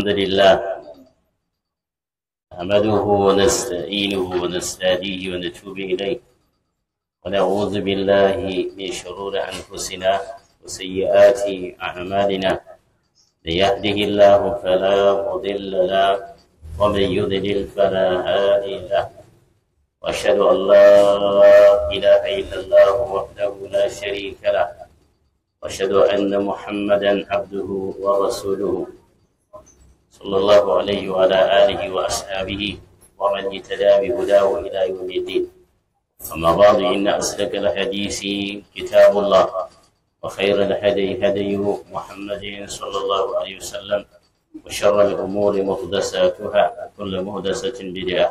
الحمد لله نحمده ونستعينه ونستهديه ونتوب إليه ونعوذ بالله من شرور أنفسنا وسيئات أعمالنا من يهده الله فلا مضل له ومن يضلل فلا هادي له وأشهد أن لا إله إلا الله وحده لا شريك له وأشهد أن محمدا عبده ورسوله صلى الله عليه وعلى آله وأصحابه ومن اهتدى بهداه إلى يوم الدين أما بعد إن أصدق الحديث كتاب الله وخير الهدي هدي محمد صلى الله عليه وسلم وشر الأمور مقدساتها كل مهدسة بدعة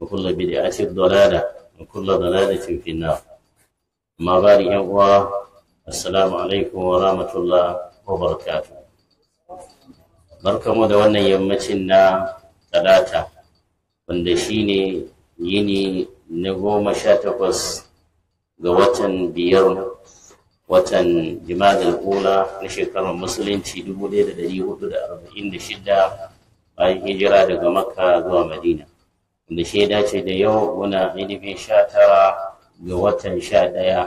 وكل بدعة ضلالة وكل ضلالة في النار ما بعد السلام عليكم ورحمة الله وبركاته barkamu da wannan yammacin na talata wanda shine yini na goma sha takwas ga watan biyar watan jimadar kula na shekarar musulunci shida bayan hijira daga makka zuwa madina wanda shi dace da yau muna ainihin sha tara ga watan sha ɗaya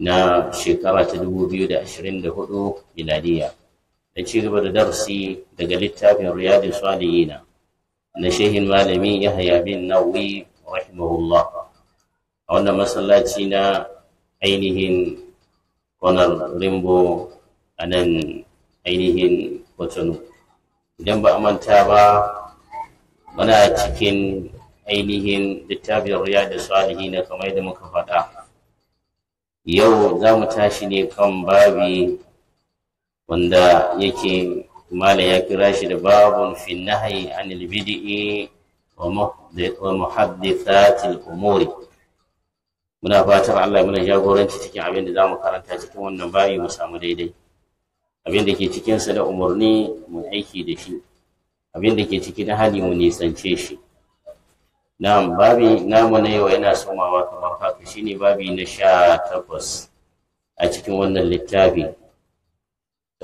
na shekara ta 2024 miladiya da ci gaba da darasi daga littafin riyadu salihina na shehin malami yahaya bin nawi rahimahullah a wannan masallaci na ainihin kwanar rimbo a nan ainihin kwatano idan ba a manta ba muna cikin ainihin littafin riyadu salihina kamar da muka faɗa yau za mu tashi ne kan babi wanda yake mala ya kira shi da babun fi nahyi anil bid'i wa muhaddithatil umuri muna fatar Allah ya muna jagoranci cikin abin da za mu karanta cikin wannan bayi mu samu daidai abin da ke sa da umarni mu aiki da shi abin da ke ciki na hali mu nisance shi na'am babi namu na yau yana somawa kamar haka shine babi na sha takwas a cikin wannan littafi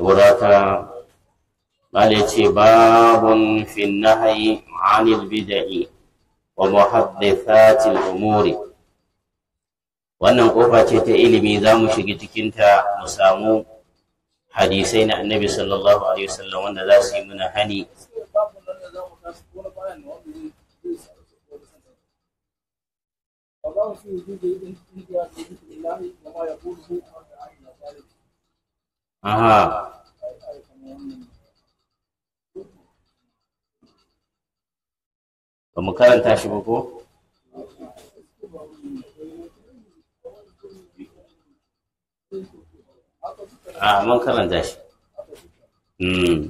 saboda bala ya ce babun fin nahayi anil bida'i wa muhaddathatil umuri wannan kofa ce ta ilimi za mu shiga cikinta mu samu hadisai na annabi sallallahu alaihi wasallam wanda za su yi muna hani الله في وجود الانتهاء لذكر الله وما يقوله Aha. Ba mu karanta shi ba ko? A mun karanta shi. Hmm.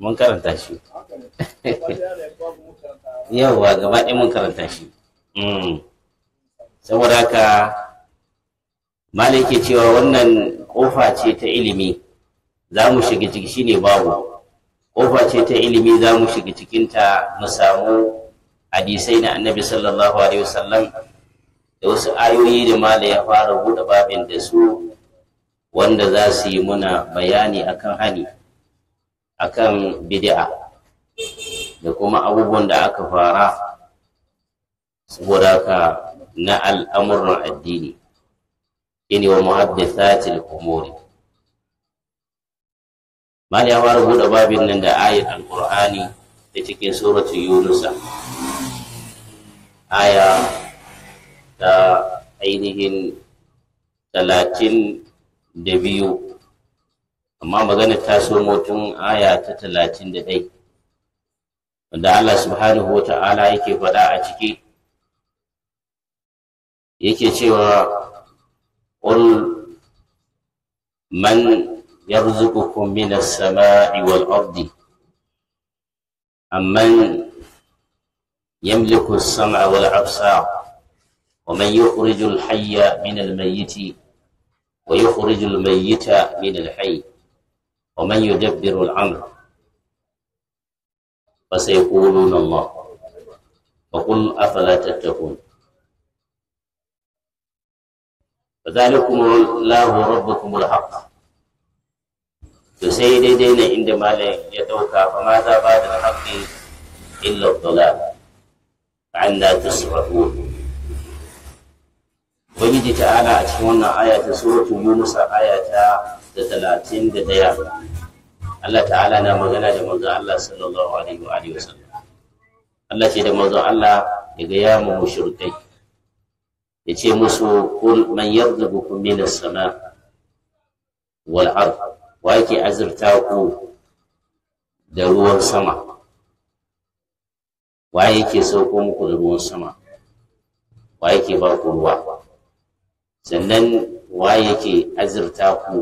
Mun karanta shi. Yauwa gaba ɗaya mun karanta shi. Hmm. Saboda haka malik ke cewa wannan kofa ce ta ilimi za mu shiga ciki shine babu kofa ce ta ilimi za mu shiga cikinta mu samu hadisai na annabi sallallahu alaihi wasallam da wasu ayoyi da mala ya fara buɗe babin da su wanda za su yi muna bayani akan hani akan bid'a da kuma abubuwan da aka fara saboda ka na al'amuran addini ini wa muhaddathatil umuri mali ya fara buɗe babin nan da ayat alqur'ani da cikin suratu yunusa aya ta ainihin talatin da biyu amma magana ta so mutum aya ta talatin da ɗai wanda Allah subhanahu wa ta'ala yake faɗa a ciki yake cewa قل من يرزقكم من السماء والأرض أم من يملك السمع والأبصار ومن يخرج الحي من الميت ويخرج الميت من الحي ومن يدبر الأمر فسيقولون الله فقل أفلا تتقون فذلكم الله ربكم الحق to sai daidai ne inda malam ya dauka ba ma za ba da haƙƙi illa dalal an la tusrafu ubangiji ta'ala a cikin wannan aya ta suratul yunus aya ta da talatin da daya Allah ta'ala na magana da manzo Allah sallallahu alaihi wa alihi wasallam Allah ce da manzo Allah daga ga ya mu mushrikai ya ce musu kul man yarzuqukum minas sama wal wa yake azurta ku da ruwan sama wa yake sauko muku da ruwan sama wa yake ba ku ruwa sannan wa yake azurta ku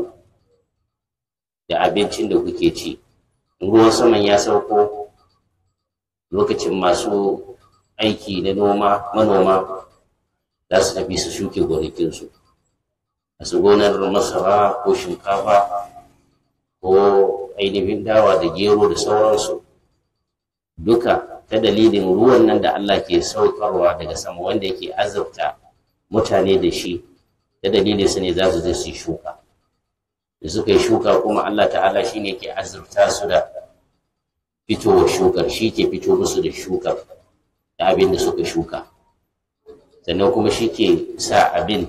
da abincin da kuke ci ruwan saman ya sauko lokacin masu aiki na noma manoma za su tafi su shuke gonakinsu a su gonar masara ko shinkafa ko ainihin dawa da gero da sauransu duka ta dalilin ruwan nan da Allah ke saukarwa daga sama wanda yake azabta mutane da shi ta dalilin su ne za su je su shuka da suka yi shuka kuma Allah ta'ala shi ne ke azurta su da fitowar shukar shi ke fito musu da shukar da abin da suka shuka sannan kuma shi ke sa abin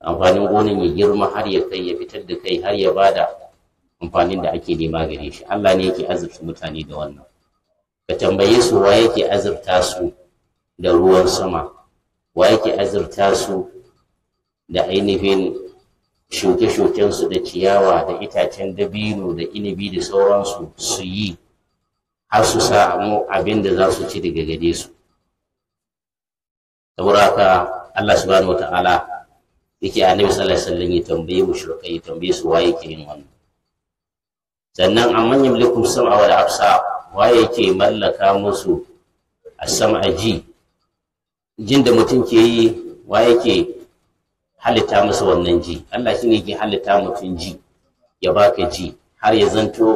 amfanin gonin ya girma har ya kai ya fitar da kai har ya bada amfanin da ake nema gare shi Allah ne yake azurta mutane da wannan ka tambaye su wa yake azurta su da ruwan sama wa yake azurta su da ainihin shuke-shukensu da ciyawa da itacen dabino da inibi da sauransu su yi har su sa abin da za su ci daga gare su saboda haka Allah subhanahu wataala yake annabi sallallahu alaihi wasallam ya tambaye mushrikai ya tambaye su waye yake yin wannan sannan amman yamlikum sam'a wal absa waye yake mallaka musu as-sam'a ji jin da mutum ke yi waye yake halitta musu wannan ji Allah shine yake halitta mutum ji ya baka ji har ya zanto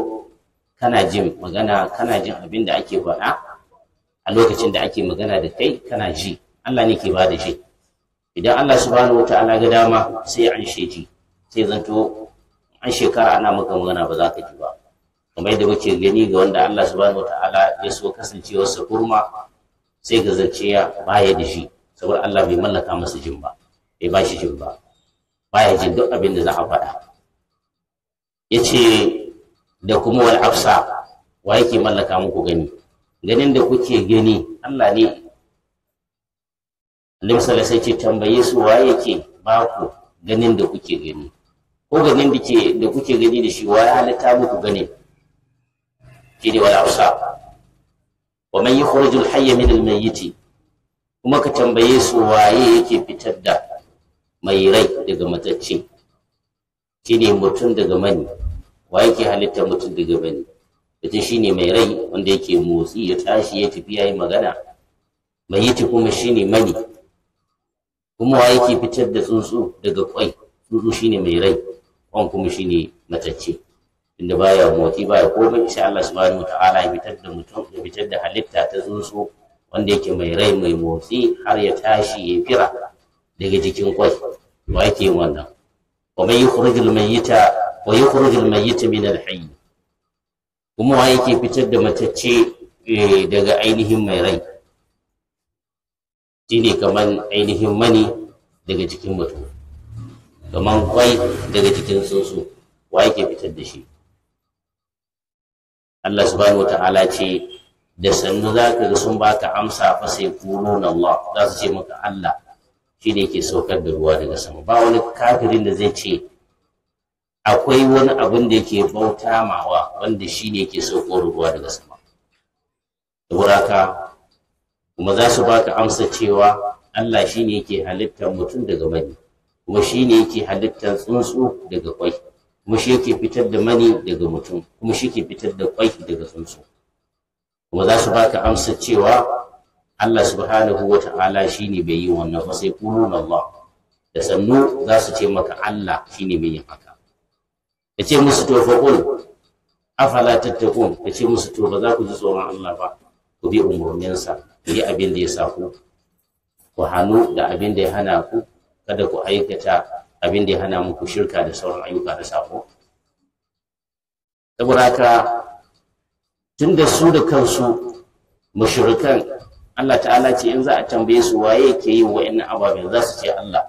kana jin magana kana jin abin da ake faɗa a lokacin da ake magana da kai kana ji Allah ne ke ba da shi idan Allah subhanahu ta'ala ga dama sai an sheji sai zanto an shekara ana maka magana ba za ka ji ba kamar yadda muke gani ga wanda Allah subhanahu ta'ala ya so kasancewarsa kurma sai ga zance ya baya da shi saboda Allah bai mallaka masa jin ba bai ba shi jin ba baya jin duk abin da za a faɗa yace da kuma wal afsa wa yake mallaka muku gani ganin da kuke gani Allah ne Annabi sallallahu alaihi ce tambaye su waye ke ba ku ganin da kuke gani ko ganin da ke da kuke gani da shi ya halitta muku ganin ke ne wala usa wa man yukhrijul hayya min al mayyiti kuma ka tambaye su waye yake fitar da mai rai daga matacce ke ne mutum daga mani wa yake halitta mutum daga mani mutum shi ne mai rai wanda yake motsi ya tashi ya tafi ya yi magana mai yiti kuma shi ne mani kuma wa yake fitar da tsuntsu daga kwai tsuntsu shine mai rai kwan kuma shine matacce inda baya motsi baya komai sai Allah subhanahu wataala ya fitar da mutum ya fitar da halitta ta tsuntsu wanda yake mai rai mai motsi har ya tashi ya fira daga jikin kwai wa yake yin wannan wa man yukhrijul mayyita wa yukhrijul mayyita min al-hayy kuma wa yake fitar da matacce eh, daga ainihin mai rai shine kaman ainihin mani daga cikin mutum kaman kwai daga cikin tsuntsu wa yake fitar da shi Allah subhanahu wata'ala ce da sannu za ka ga sun ka amsa fa sai na Allah za su ce maka Allah shi ne ke saukar da ruwa daga sama ba wani kafirin da zai ce akwai wani abin da yake bauta mawa wanda shi ne ke saukar ruwa daga sama saboda kuma za su baka amsa cewa Allah shi ne yake halittar mutum daga mani kuma shi ne yake halittar tsuntsu daga kwai kuma shi yake fitar da mani daga mutum kuma shi ke fitar da kwai daga tsuntsu kuma za su baka amsa cewa Allah subhanahu wa ta'ala ne bai yi wannan ba sai kulun Allah da sannu za su ce maka Allah shi ne mai yin haka ya ce musu to fa kun afala tattakun ya ce musu to ba za ku ji tsoron Allah ba ku bi umarninsa yi abin da ya sa ku ku hannu da abin da ya hana ku kada ku aikata abin da ya hana muku shirka da sauran ayyuka da sako saboda haka tun da su da kansu mushirikan Allah ta'ala ce in za a tambaye su waye yi yin wa'annan ababen za su ce Allah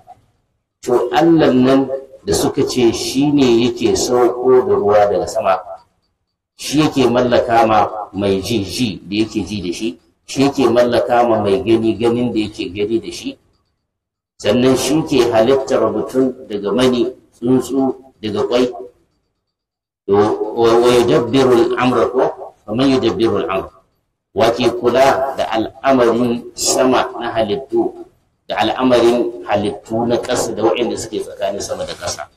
to Allah nan da suka ce shi ne yake sauko da ruwa daga sama shi yake mallaka ma mai ji ji da yake ji da shi shi ke mallaka ma mai gani ganin da yake gani da shi sannan shi ke halittar mutum daga mani tsuntsu daga kwai wa yudabbiru al'amra ko kamar ya al'amra wa ke kula da al'amarin sama na halittu da al'amarin halittu na ƙasa da waɗanda suke tsakanin sama da ƙasa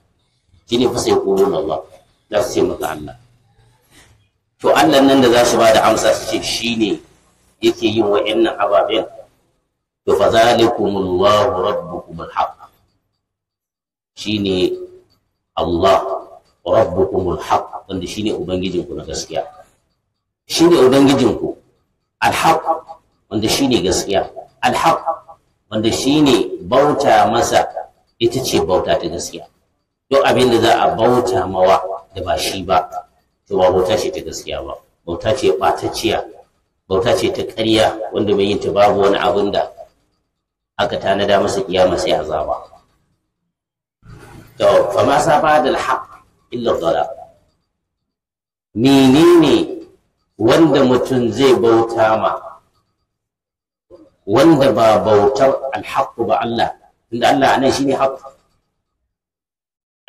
shi ne fasai ƙoron Allah za su ce maka Allah to Allah nan da za su ba da amsa su ce shi ne yake yin wa'annan ababen to fa Allah rabbukum alhaq shine Allah rabbukum alhaq wanda shine ubangijin ku na gaskiya shine ubangijin ku alhaq wanda shine gaskiya alhaq wanda shine bauta masa ita ce bauta ta gaskiya duk abin da za a bauta mawa da ba shi ba to ba bauta ce ta gaskiya ba bauta ce ɓatacciya bauta ce ta ƙarya wanda mai yin ta babu wani abin da aka tanada masa kiyama sai azaba to fa ma sa ba da alhaq illa dhala menene wanda mutum zai bauta ma wanda ba bautar alhaq ba Allah inda Allah anan shine haq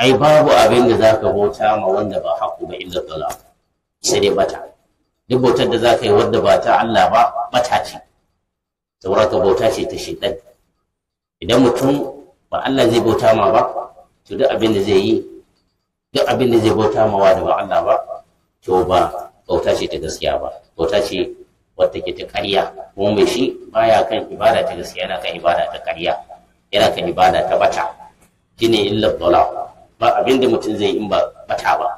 ai babu abin da zaka bauta ma wanda ba haq ba illa dhala sai dai bata duk bautar da za ka yi wadda ba ta Allah ba bata ce saboda ka bauta ce ta shaidan idan mutum ba Allah zai bauta ma ba to duk abin da zai yi duk abin da zai bauta ma wa da ba Allah ba to ba bauta ce ta gaskiya ba bauta ce wadda ke ta ƙarya kuma mai shi baya kan ibada ta gaskiya yana kan ibada ta ƙarya yana kan ibada ta bata ne illa dala ba abin da mutum zai in ba bata ba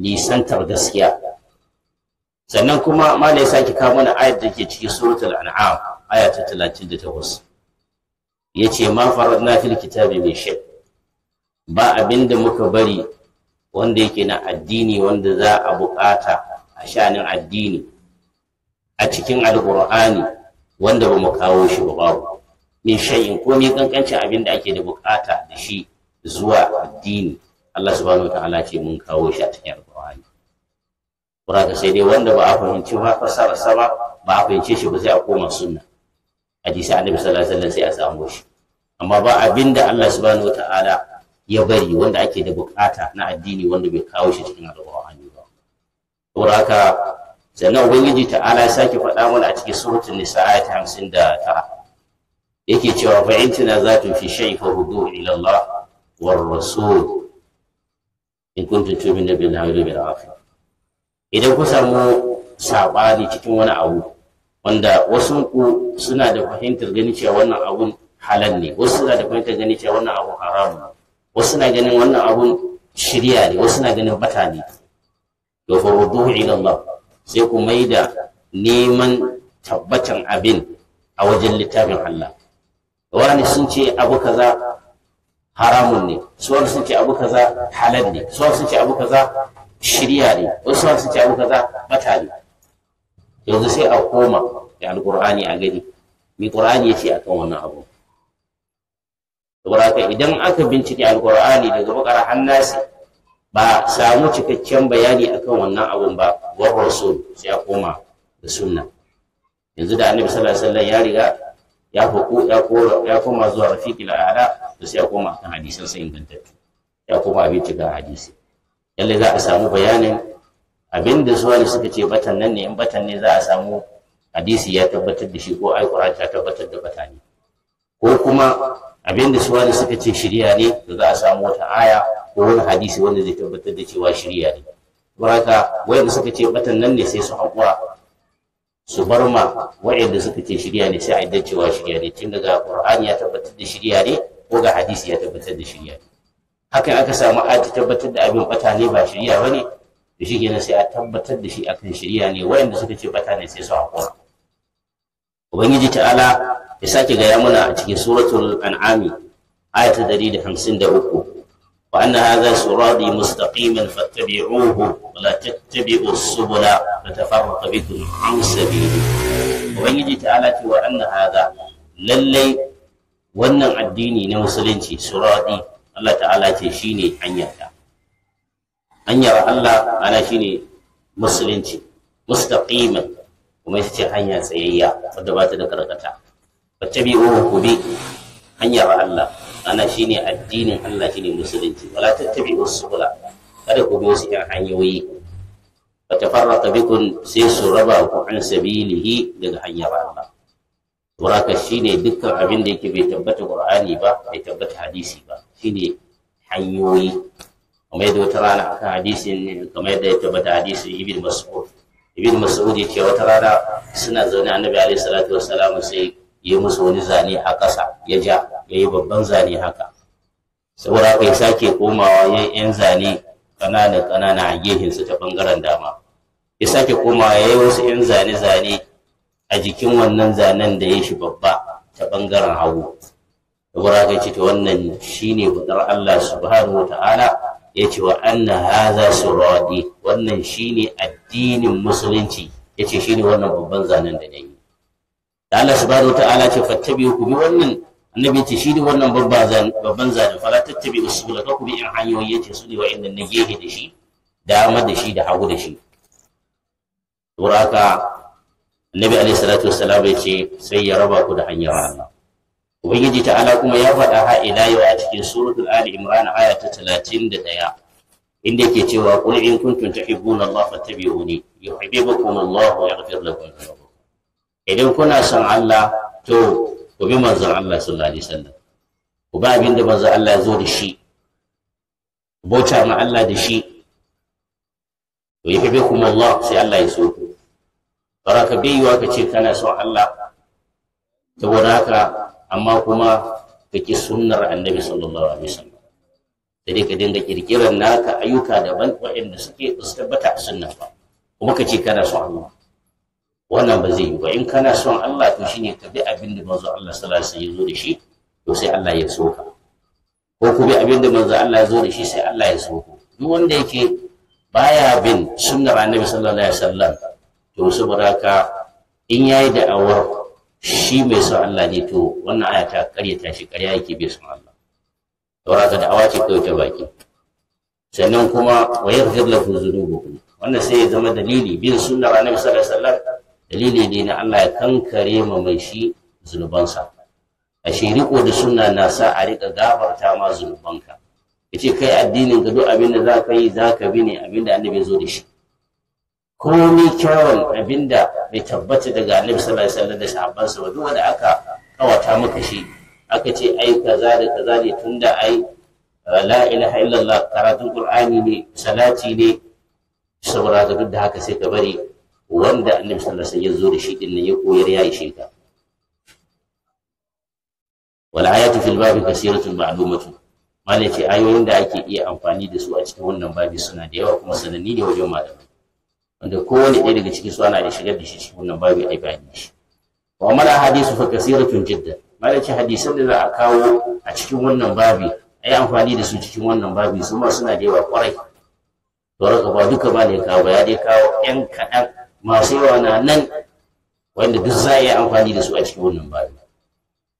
nisantar gaskiya sannan kuma mala ya sake kawo mana ayat da ke cikin suratul an'am aya ta 38 yace ma faradna fil kitabi min shay ba abinda muka bari wanda yake na addini wanda za a bukata a shanin addini a cikin alqur'ani wanda ba mu kawo shi ba babu min shay'in ko min kankancin abinda ake da bukata da shi zuwa addini Allah subhanahu wa ta'ala ce mun kawo shi a cikin alqur'ani Saboda sai dai wanda ba a fahimci ba fasara ba ba a fahimce shi ba sai a koma sunna. Hadisi Annabi sallallahu alaihi wasallam sai a samu shi. Amma ba abinda Allah subhanahu wataala ya bari wanda ake da bukata na addini wanda bai kawo shi cikin alƙur'ani ba. Saboda haka sannan Ubangiji ta'ala ya sake faɗa mana a cikin suratul Nisa ayat 59 yake cewa fa in tanazatu fi shay fa hudu ila Allah war rasul in kuntum tu'minu billahi wal yawmil akhir idan ku samu saɓani cikin wani abu wanda wasu ku suna da fahimtar ganin cewa wannan abun halal ne wasu suna da fahimtar ganin cewa wannan abun haram ne wasu suna ganin wannan abun shirya ne wasu suna ganin bata ne to fa rudduhu ila Allah sai ku maida neman tabbatan abin a wajen littafin Allah wani sun ce abu kaza haramun ne suwar sun ce abu kaza halal ne suwar sun ce abu kaza shirya ne wasu masu ce abu kaza bata ne yanzu sai a koma da alkur'ani a gani mai qur'ani ya ce akan wannan abu saboda idan aka bincike alkur'ani daga bakara hannasi ba samu cikakken bayani akan wannan abun ba war rasul sai a koma da sunna yanzu da annabi sallallahu alaihi wasallam ya riga ya hukku ya ya koma zuwa rafiqil a'la to sai a koma akan hadisin sai ingantattu ya koma a bincika hadisi lalle za a samu bayanin abin da su wani suka ce batan nan ne in batan ne za a samu hadisi ya tabbatar da shi ko alkur'ani ta tabbatar da bata ne ko kuma abin da su wani suka ce shirya ne da za a samu wata aya ko wani hadisi wanda zai tabbatar da cewa shirya ne don haka wayanda suka ce batan nan ne sai su haƙura su bar ma wayanda suka ce shirya ne sai a yadda cewa shirya ne tun daga qur'ani ya tabbatar da shirya ne ko ga hadisi ya tabbatar da shirya ne hakan aka samu aji tabbatar da abin bata ne ba shirya ba ne da shi sai a tabbatar da shi akan shirya ne wayanda suka ce bata ne sai su haƙura ubangiji ta'ala ya sake gaya mana a cikin suratul an'ami aya ta dari da hamsin da uku وأن هذا صراطي مستقيما فاتبعوه ولا تتبعوا السبل فتفرق بكم عن ta'ala ce تعالى وأن هذا lallai wannan addini na musulunci suradi Allah ta'ala ce shine hanyarta hanyar Allah ana ne musulunci mustaqiman kuma ita ce hanya tsayayya wadda ba ta da karkata fattabi'u ku bi hanyar Allah ana ne addinin Allah ne musulunci wala tattabi'u subula kada ku bi wasu yan hanyoyi fatafarraqa bikun sai su raba ku an sabilihi daga hanyar Allah waraka shine dukkan abin da yake bai tabbata Qur'ani ba bai tabbata hadisi ba cire hanyoyi kamar yadda wata rana akan hadisin kamar yadda ya tabbata hadisin ibn mas'ud ibn mas'ud ya ce wata rana suna zaune annabi alaihi salatu wassalam sai ya musu wani zane a ƙasa ya ja ya yi babban zane haka saboda haka ya sake komawa ya yi zane ƙanana ƙanana a su ta bangaren dama ya sake komawa ya yi wasu yan zane zane a jikin wannan zanen da ya shi babba ta bangaren hagu kamar haka yace to wannan shi ne fadar Allah subhanahu wataala yace wa anna hadha sirati wannan shi ne addinin musulunci Ya ce shi ne wannan babban zanen da nayi da Allah subhanahu ta'ala ce fattabi'u ku bi wannan annabi ce shi ne wannan babban zanen babban zanen fala tattabi'u subula ka ku bi in hanyoyi Ya ce su ne wa wa'inda na gehe da shi dama da shi da hagu da shi saboda haka annabi alaihi salatu wassalam ce sai ya raba ku da hanyar Allah ubangiji ta'ala kuma ya faɗa ha ila yau a cikin suratul ali imran aya ta 31 inda yake cewa qul in kuntum tuhibbuna allah fattabi'uni yuhibbukum allah wa yaghfir lakum dhunubakum idan kuna son allah to ku bi manzon allah sallallahu alaihi wasallam ku ba abin da manzon allah ya zo da shi bauta ma allah da shi to yuhibbukum allah sai allah ya so ku baraka bai yiwa ka ce kana son allah saboda haka amma kuma ka ki sunnar annabi sallallahu alaihi wasallam sai ka dinga kirkirar naka ayyuka daban waɗanda suke tsabbata a sunna ba kuma ka ce kana son Allah wannan ba zai yi ba in kana son Allah to shine ka bi abin da manzo Allah sallallahu alaihi wasallam ya zo da shi to sai Allah ya so ka ko ku bi abin da manzo Allah ya zo da shi sai Allah ya so ku duk wanda yake baya bin sunnar annabi sallallahu alaihi wasallam to saboda ka in yayi da'awar shi mai son Allah ne to wannan aya ta karyata shi karya yake bai son Allah saboda ka da'awa ce kawai ta baki sannan kuma wa ku zuru ba? wannan sai ya zama dalili bin sunnar ranar sallallahu Sallar. wasallam dalili ne na Allah ya kankare ma mai shi zunubansa a shi riko da sunna na sa a rika gafarta ma zunubanka yace kai addinin ka duk abin da zaka yi zaka bi ne abin da annabi ya zo da shi komi kyawun abinda bai tabbata daga annabi sallallahu alaihi wasallam da sahabbansa ba duk wanda aka kawata maka shi aka ce ai kaza da kaza ne tunda ai uh, la ilaha illallah karatun qur'ani ne salati ne saboda duk da haka sai ka bari wanda annabi sallallahu alaihi wasallam ya zo da shi din nan ya koyar ya yi shi ka wal ayatu fil babi kasiratun ma'lumatun malai ayoyin da ake iya amfani da su a cikin wannan babi suna da yawa kuma sananni ne wajen malamai wanda kowane ɗaya daga cikin su ana da shigar da shi cikin wannan babu ai bayani shi wa mala hadisu fa kasiratun jiddan ce hadisan da za a kawo a cikin wannan a ai amfani da su cikin wannan babu su ma suna da yawa kwarai to raka ba duka ba ne kawo ya dai kawo yan kaɗan masu yawa na nan wanda duk za a yi amfani da su a cikin wannan babu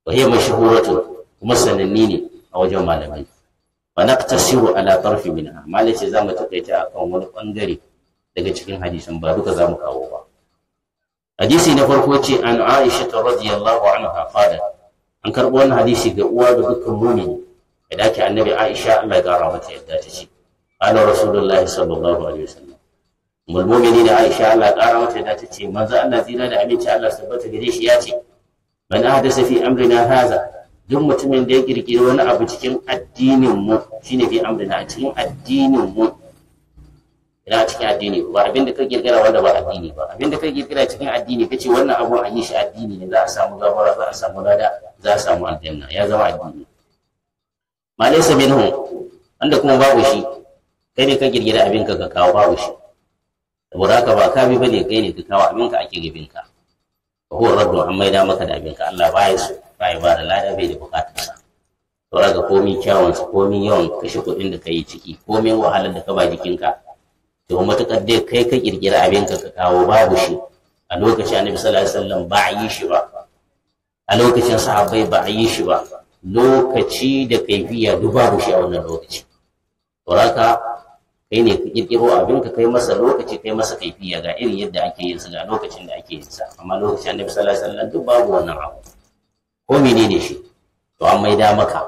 wa hiya mashhuratu kuma sananni ne a wajen malamai wa naqtasiru ala tarfi minha malaci za mu takaita kan wani bangare daga cikin hadisin ba duka za mu kawo ba hadisi na farko ce an aisha ta radiyallahu anha qala an karbo wannan hadisi ga uwa da dukkan mumini Ya dake annabi aisha Allah ya gara mata yadda ta ce ala rasulullahi sallallahu alaihi wasallam mulmumini da aisha Allah ya gara mata yadda ta ce manzo Allah zina da aminci Allah tabbata gare shi ya ce man ahdasa fi amrina haza duk mutumin da ya kirkiri wani abu cikin addinin mu shine fi amrina cikin addinin mu ina cikin addini ba abin da ka kirkira wanda ba addini ba abin da ka kirkira cikin addini kace wannan abu a yi shi addini ne za a samu gafara za a samu lada za a samu aljanna ya zama addini ma laysa minhu wanda kuma babu shi kai ne ka kirkira abin ka ka kawo babu shi saboda haka ba kabi bane kai ne ka kawo abin ka ake gibin ka fa huwa raddu an maida maka da abin ka Allah baya so baya ba da lada bai da bukatar sa saboda ga komi kyawun komi yawan kashe kuɗin da ka yi ciki komi wahalar da ka ba jikin ka to matuƙar dai kai ka kirkira abin ka ka kawo babu shi a lokacin annabi sallallahu alaihi wasallam ba a yi shi ba a lokacin sahabbai ba a yi shi ba lokaci da kaifiya duk babu shi a wannan lokaci to kai ne ka kirkiro abin ka kai masa lokaci kai masa kaifiya ga irin yadda ake yin sa ga lokacin da ake yin sa amma lokacin annabi sallallahu alaihi wasallam duk babu wannan abu ko menene shi to an maida maka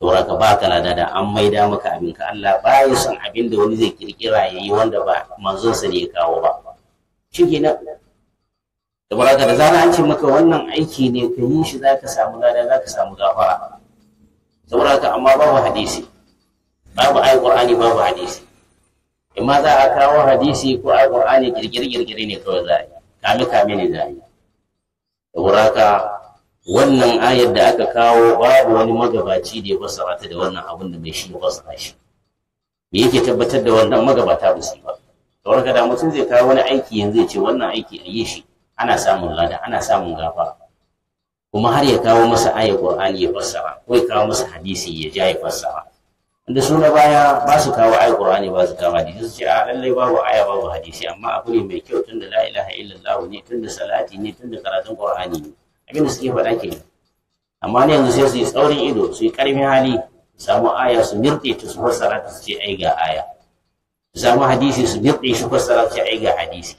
ba ka baka lada da an maida maka abin ka Allah ba ya son abin da wani zai kirkira ya yi wanda ba manzon sa ne ya kawo ba shi kenan saboda ka da zana an ce maka wannan aiki ne ka yi shi zaka samu lada zaka samu gafara saboda ka amma babu hadisi babu ayi qur'ani babu hadisi in ma za a kawo hadisi ko ayi qur'ani kirkire kirkire ne kawai za a yi kame kame ne za a yi saboda ka wannan ayar da aka kawo babu wani magabaci da ya fassara ta da wannan abin da mai shi ya fassara shi me yake tabbatar da wannan magabata ba su ba kamar kada mutum zai kawo wani aiki yanzu ya ce wannan aiki a yi shi ana samun lada ana samun gafa kuma har ya kawo masa ayar qur'ani ya fassara ko ya kawo masa hadisi ya ja ya fassara inda su na baya ba su kawo ayar qur'ani ba su kawo hadisi su ce a ah, lallai babu aya babu hadisi amma abu ne mai kyau tunda la ilaha illallah ne tunda salati ne tunda karatun qur'ani ne abin da suke faɗa ke amma ne yanzu sai su yi tsaurin ido su yi ƙarfin hali su samu aya su mirɗe ta su fassara su ce ai ga aya su samu hadisi su mirɗe su fassara su ce ai ga hadisi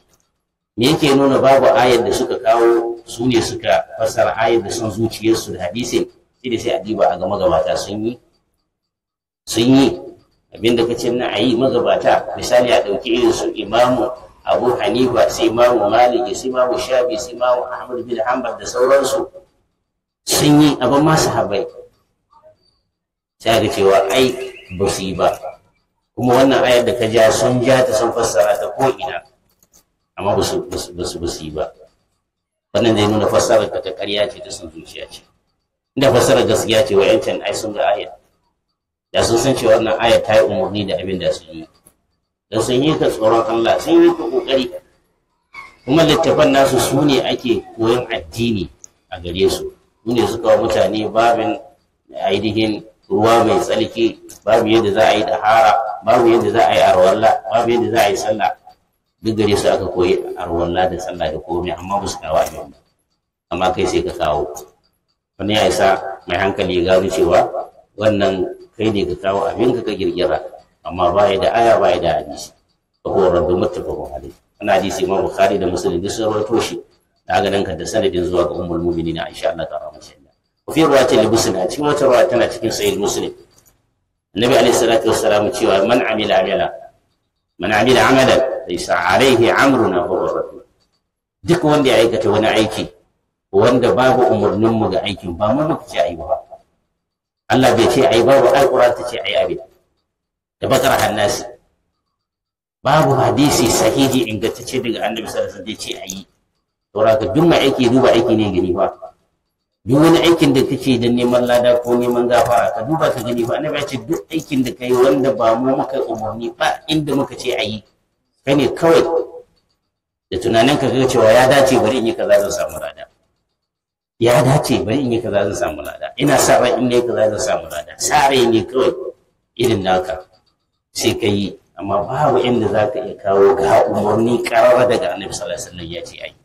me yake nuna babu ayar da suka kawo su ne suka fassara ayar da son zuciyarsu da hadisin Sai da sai a diba a ga magabata sun yi sun yi abinda kace na ayi magabata misali a ɗauki irin su imamu abu hanifa sai imamu Maliki, sai imamu shafi sai imamu ahmad bin hanbal da sauransu sun yi abin ma sahabbai sai ga cewa ai ba su yi ba kuma wannan ayar da ka ja sun ja ta sun fassara ta ko ina amma ba su yi ba wannan zai nuna fassarar ta ta ƙarya ce ta sun zuciya ce inda fassarar gaskiya ce wa yancan ai sun ga ayar da sun san cewa wannan ayar ta yi umarni da abin da su yi da sun yi ka tsoron Allah sun yi ka ƙoƙari kuma littafan nasu su ne ake koyon addini a gare su su ne suka wa mutane babin ainihin ruwa mai tsarki babu yadda za a yi hara, babu yadda za a yi arwalla babu yadda za a yi sallah duk gare su aka koyi arwalla da sallah da komai amma ba su kawo a ba amma kai sai ka kawo wani ya isa mai hankali ya gano cewa wannan kai ne ka kawo abin ka ka girgira amma baya da aya baya da hadisi fa huwa rabbu muttafaqun alayh wannan hadisi ma bukhari da muslim duk sun rawaito shi da haka danka da sanadin zuwa ga ummul mu'minin aisha Allah ta rahmace Allah wa fi riwayatin li muslim a cikin wata riwaya tana cikin sahih muslim annabi alayhi salatu wassalam cewa man amila amila man amila amalan laysa alayhi amruna fa huwa rabbu duk wanda ya aikata wani aiki wanda babu umarninmu ga aikin ba mu muka ce ayi ba Allah bai ce ayi babu alƙur'ani ta ce ayi abin da bakar hannasi babu hadisi sahihi ingantacce daga annabi sallallahu alaihi wasallam ce ayi saboda ka duk aiki duba aiki ne gani ba duk wani aikin da kake da neman lada ko neman gafara ka duba ka gani ba annabi ya ce duk aikin da kai wanda ba mu muka umarni ba inda muka ce ayi kai ne kawai da tunanin ka ga cewa ya dace bari in yi kaza zan samu lada ya dace bari in yi kaza zan samu lada ina sa ran in ne kaza zan samu lada Sare ne kawai irin naka sai ka yi amma babu inda za ka iya kawo ga umarni karara daga annabi sallallahu alaihi ya ce ayi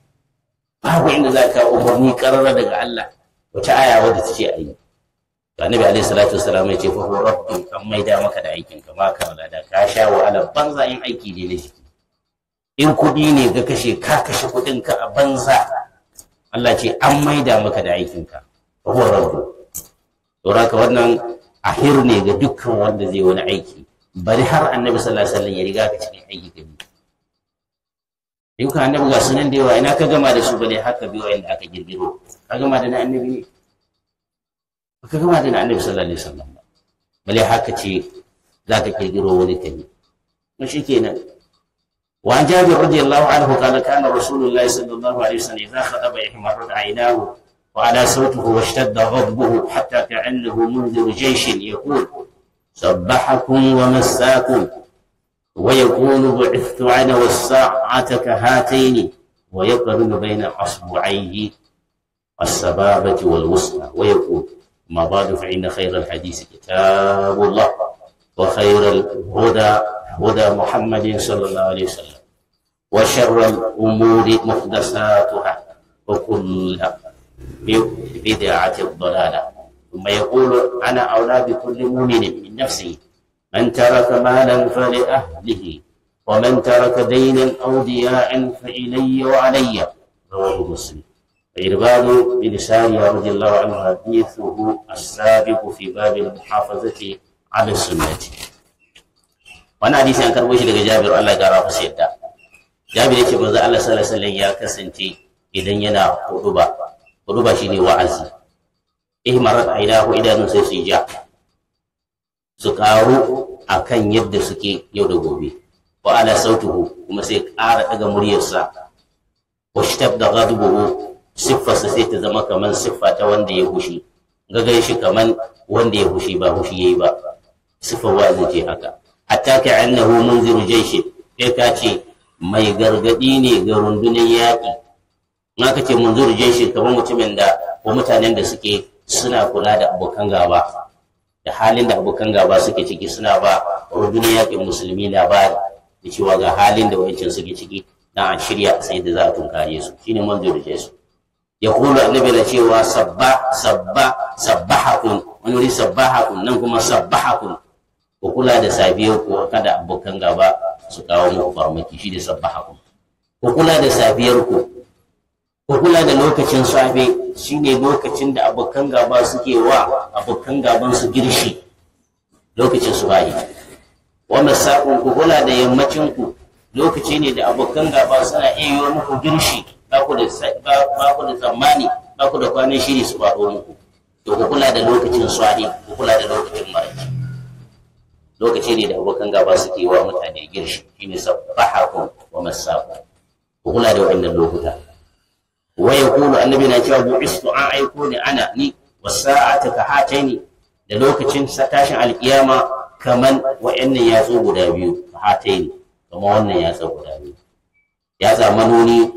babu inda za ka umarni karara daga Allah wace aya wadda ta ce to annabi alaihi salatu wasallam ya ce fa huwa rabbi kan maida maka da aikin ka baka da ka sha wahala banza in aiki ne na jiki in kudi ne ka kashe ka kashe kudin ka a banza Allah ce an maida maka da aikin ka fa huwa rabbi to raka wannan ahir ne ga dukkan wanda zai wani aiki bari har annabi sallallahu alaihi wasallam ya riga ka cikin aiki gani ayyukan annabi ga sunan da yawa ina ka gama da su bane haka biyo inda aka girgiro ka gama da na annabi ne ka gama da annabi sallallahu alaihi wasallam bale haka ce za ka kirgiro wani ka yi shi kenan وعن جابر رضي الله عنه قال كان رسول الله صلى الله عليه وسلم إذا خطب وعلى صوته واشتد غضبه حتى كأنه منذر جيش يقول سبحكم ومساكم ويقول بعثت انا والساعة كهاتين ويقرن بين اصبعيه السبابة والوسطى ويقول ما بعد فإن خير الحديث كتاب الله وخير الهدى هدى محمد صلى الله عليه وسلم وشر الأمور محدثاتها وكل بدعة الضلالة ثم يقول أنا أولى بكل مؤمن من نفسه من ترك مالا فلأهله ومن ترك دينا أو ضياعا فإلي وعلي رواه مسلم فإرباد بن سارية رضي الله عنه حديثه السابق في باب المحافظة على السنة وانا حديث أن كربوش لك جابر الله قرأه سيدا جابر يتبع الله صلى الله عليه وسلم يا كسنتي إذن ينا قربا قربا شيني وعزي ihmarat aidahu idanun sai su ja su karu kan yadda suke yau da gobe wa ala sautuhu kuma sai ƙara daga muryarsa wa shitab da ghadabuhu siffarsa sai ta zama kaman siffa ta wanda ya hushi gagai shi kaman wanda ya hushi ba hushi yayi ba siffar wa ce haka hatta ka annahu munziru jaishi kai ka ce mai gargadi ne ga rundunar yaƙi na ka ce munziru jaishi kamar mutumin da ko mutanen da suke suna kula da abokan gaba da halin da abokan gaba suke ciki suna ba rundunar yakin musulmi labari da cewa ga halin da wancan suke ciki na an shirya sai da za a tunkare su shine manzo da jesu ya kula annabi da cewa sabba sabba sabbahakun wani wuri sabbahakun nan kuma sabbahakun ku kula da safiyar ku kada abokan gaba su kawo muku farmaki shi da sabbahakun ku kula da safiyar ku kula da lokacin safe shine lokacin da abokan gaba suke wa abokan gaban su girshi lokacin su bayi wanda sa'un ku kula da yammacin ku lokaci ne da abokan gaba suna iya yi muku girshi ba ku da tsammani ba ku da kwanan shiri su ba muku to ku kula da lokacin safe ku kula da lokacin maraki lokaci ne da abokan gaba suke wa mutane girshi shine sabbahakum wa masakun ku kula da wa'annan lokuta wa yaqulu annabi na cewa bu'istu an aiko ni ana ni wasa'ata ka hataini da lokacin tashin alkiyama kaman wa'annan yatsu guda biyu ka hataini kamar wannan yatsa guda biyu yatsa manoni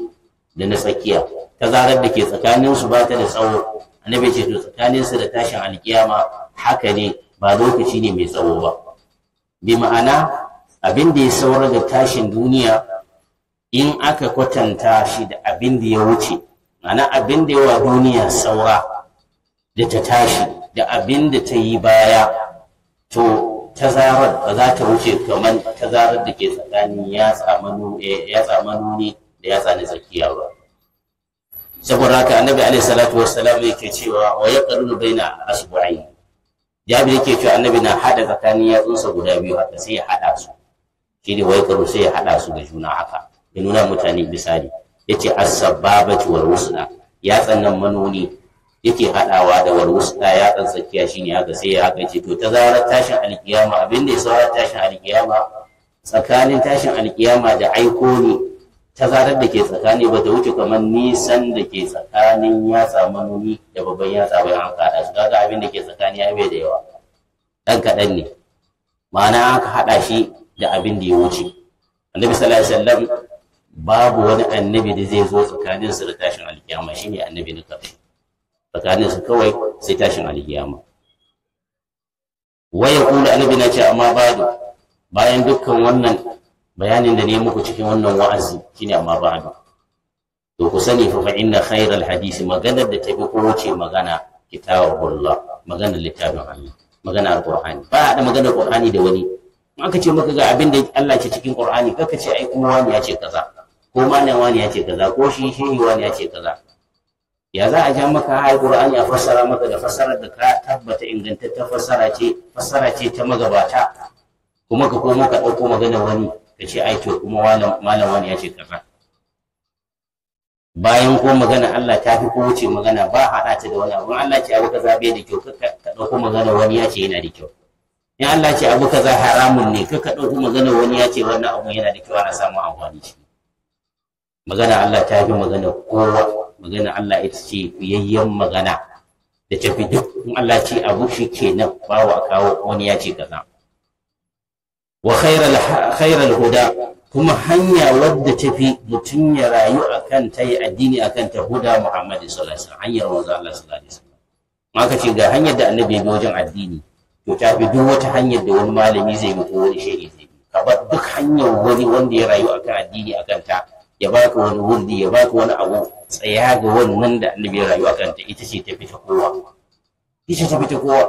da na tsakiya ta zarar da ke tsakaninsu su ba ta da tsawo annabi ce to tsakanin da tashin alkiyama haka ne ba lokaci ne mai tsawo ba bi ma'ana abin da ya saura ga tashin duniya in aka kwatanta shi da abin da ya wuce mana abin da yawa duniya saura da ta tashi da abin da ta yi baya to tazarar ba za ta wuce kamar ta zarar da ke tsakanin ya tsama nuni da ya tsani tsakiya ba saboda haka annabi alaihi salatu wassalam yake cewa wa ya qarru baina ya jabi yake cewa annabi na hada tsakanin yatsunsa guda biyu haka sai ya hada su shi ne wa ya sai ya hada su da juna haka ya nuna mutane misali yace as-sababatu wal wusna yatsan nan manoni yake hadawa da wal wusna yatsan tsakiya shine haka sai ya haka ce. to ta zarar tashin alkiyama abin da ya zarar tashin alkiyama tsakanin tashin alkiyama da aiko ne ta zarar da ke tsakani ba ta wuce kamar nisan da ke tsakanin yatsa manoni da babban yatsa bai an kada su kaga abin da ke tsakani ya bai da yawa dan kaɗan ne ma'ana aka haɗa shi da abin da ya wuce annabi sallallahu alaihi wasallam babu wani annabi da zai zo tsakanin su da tashin alkiyama shine annabi na kafin tsakanin su kawai sai tashin alkiyama waya kula annabi na ce amma ba'du bayan dukkan wannan bayanin da ne muku cikin wannan wa'azi shine amma ba'du to ku sani fa fa inna khayral hadisi maganar da ta fi kowace magana kitabullah maganar littafin Allah maganar alqur'ani ba da maganar qur'ani da wani aka ce maka ga abin da Allah ce cikin Qur'ani kaka ce ai kuma wani ya ce kaza ko malam wani ya ce kaza ko shi shi wani ya ce kaza ya za a ja maka har qur'ani a fassara maka da fassarar da ka tabbata ingantaccen fassara ce fassara ce ta magabata kuma ka komo ka dauko magana wani ka ce ai to kuma malam wani ya ce kaza bayan ko magana Allah ta fi ko wuce magana ba hada ta da wani abu Allah ce abu kaza bai da kyau ka dauko magana wani ya ce yana da kyau in Allah ce abu kaza haramun ne ka ka ɗauko magana wani ya ce wannan abu yana da kyau ana samun amfani shi magana Allah ta fi magana kowa magana Allah ita ce fiyayyen magana da tafi duk in Allah ce abu shi kenan bawa kawo wani ya ce kaza wa khairal huda kuma hanya wadda tafi mutum ya rayu akan ta yi addini akan ta huda Muhammadu sallallahu hanyar wanzu Allah sallallahu alaihi ce ga hanyar da annabi ya bi wajen addini to ta fi duk wata hanyar da wani malami zai ko wani shehi zai bi ka bar duk hanyar wani wanda ya rayu akan addini akanta. ta ya baka wani wurdi ya baka wani abu tsaya ga wannan da annabi ya rayu a kanta ita ce ta fita kowa ita ta fita kowa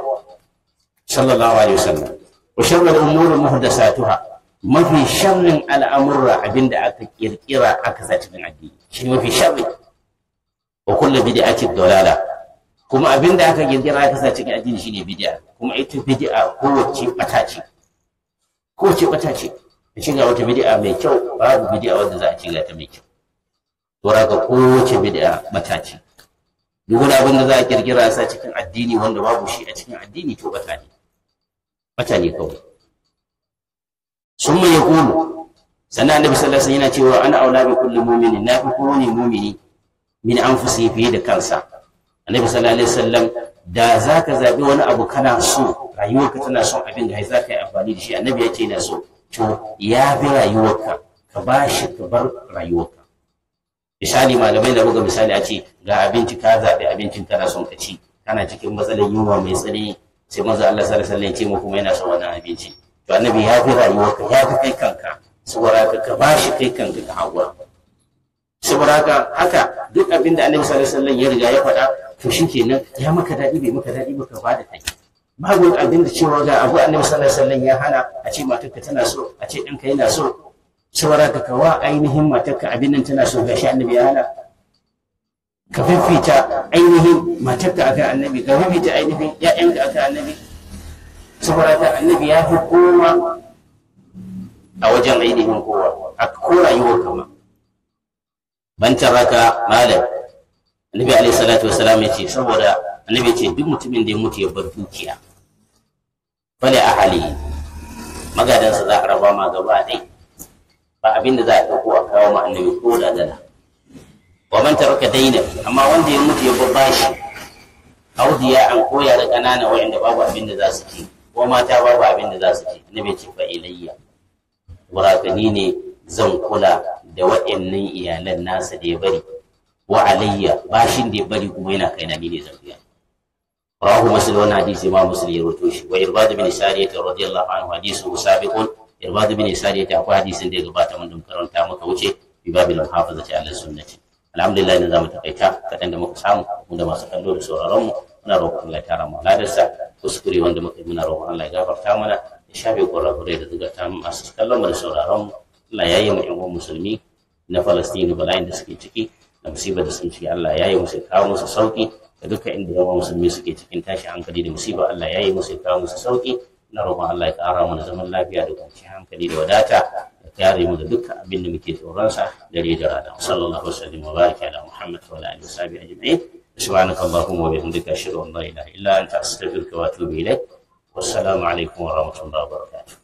sallallahu alaihi wasallam wa sharral umuri muhdathatuha mafi sharrin al'amurra abinda aka kirkira aka sa cikin addini shi mafi sharri wa kullu bid'ati dalala kuma abinda aka kirkira aka sa cikin addini shine bid'a kuma ita bid'a kowace bata ce kowace bata ce a shiga wata bid'a mai kyau babu bid'a wanda za a shiga ta mai kyau to ka kowace bid'a bata ce duk wani abin da za a kirkira sa cikin addini wanda babu shi a cikin addini to bata ne bata ne kawai sun mai yakulu sannan annabi sallallahu alaihi yana cewa ana aula bi kulli mu'minin na fi kowane mu'mini min anfusihi fiye da kansa annabi sallallahu alaihi wasallam da za ka zaɓi wani abu kana so rayuwarka tana son abin da za ka yi amfani da shi annabi ya ce yana so to ya bi rayuwarka ka ba shi ka bar rayuwarka misali malamai da buga misali a ce ga abinci ka zaɓi abincin kana son ka ci kana cikin matsalar yunwa mai tsari sai maza Allah sallallahu alaihi wasallam ya ce kuma yana son wannan abinci to annabi ya fi rayuwarka ya fi kai kanka saboda ka ba shi kai kanka ka hawa saboda haka haka duk abin da annabi sallallahu alaihi wasallam ya riga ya faɗa to shikenan ya maka daɗi bai maka daɗi ba ka ba da kai babu abin da cewa ga abu annabi sallallahu alaihi wasallam ya hana a ce matarka tana so a ce ɗanka yana so saboda ka kawa ainihin matarka abin nan tana so ga shi annabi ya hana ka fifita ainihin matarka akan annabi ka fifita ainihin ƴaƴanka akan annabi saboda ka annabi ya fi kowa a wajen ainihin kowa a ko rayuwar kama ban ka malam annabi alaihi salatu wasalam ya ce saboda annabi ce duk mutumin da ya mutu ya bar dukiya fale a hali magadansa za a raba ma gaba dai ba abin da za a ɗauko a kawo ma annabi ko da dala wa man taraka daina amma wanda ya mutu ya bar bashi audiya an koya da ƙanana wa'anda babu abin da za su ci ko mata babu abin da za su ci annabi ce fa ilayya warakani ne zan kula da wa'annan iyalan nasa da ya bari wa alayya bashin da ya bari kuma yana kaina ni ne zan biya rawahu muslim wannan hadisi ma muslim ya rawaito shi wa irbad bin sariyah radiyallahu anhu hadisu sabiqun irbad bin sariyah akwai hadisin da ya gabata mun dun karanta muka wuce bi babil hafazati ala sunnati alhamdulillah ne zamu takaita kadan da muka samu mu da masu kallo da sauraron mu muna roƙon Allah ya tara mu ladarsa kuskure wanda muka yi muna roƙon Allah ya gafarta mana ya shafe kurakurai da zuga ta masu kallon da sauraron mu Allah ya yi mu musulmi na Falastini bala'in da suke ciki da musibar da suke ciki Allah ya yi musu kawo musu sauki da duka inda yawa musulmi suke cikin tashi hankali da musiba Allah ya yi musu ya kawo musu sauki na roƙon Allah ya ƙara mana zaman lafiya da kwanci hankali da wadata da kare mu da duka abinda da muke tsoronsa dare da rana sallallahu alaihi wa baraka ala muhammad wa alihi wa sahbihi ajma'in allahumma wa bihamdika ashhadu an la ilaha illa anta astaghfiruka wa atubu ilaik assalamu alaikum wa rahmatullahi wa barakatuh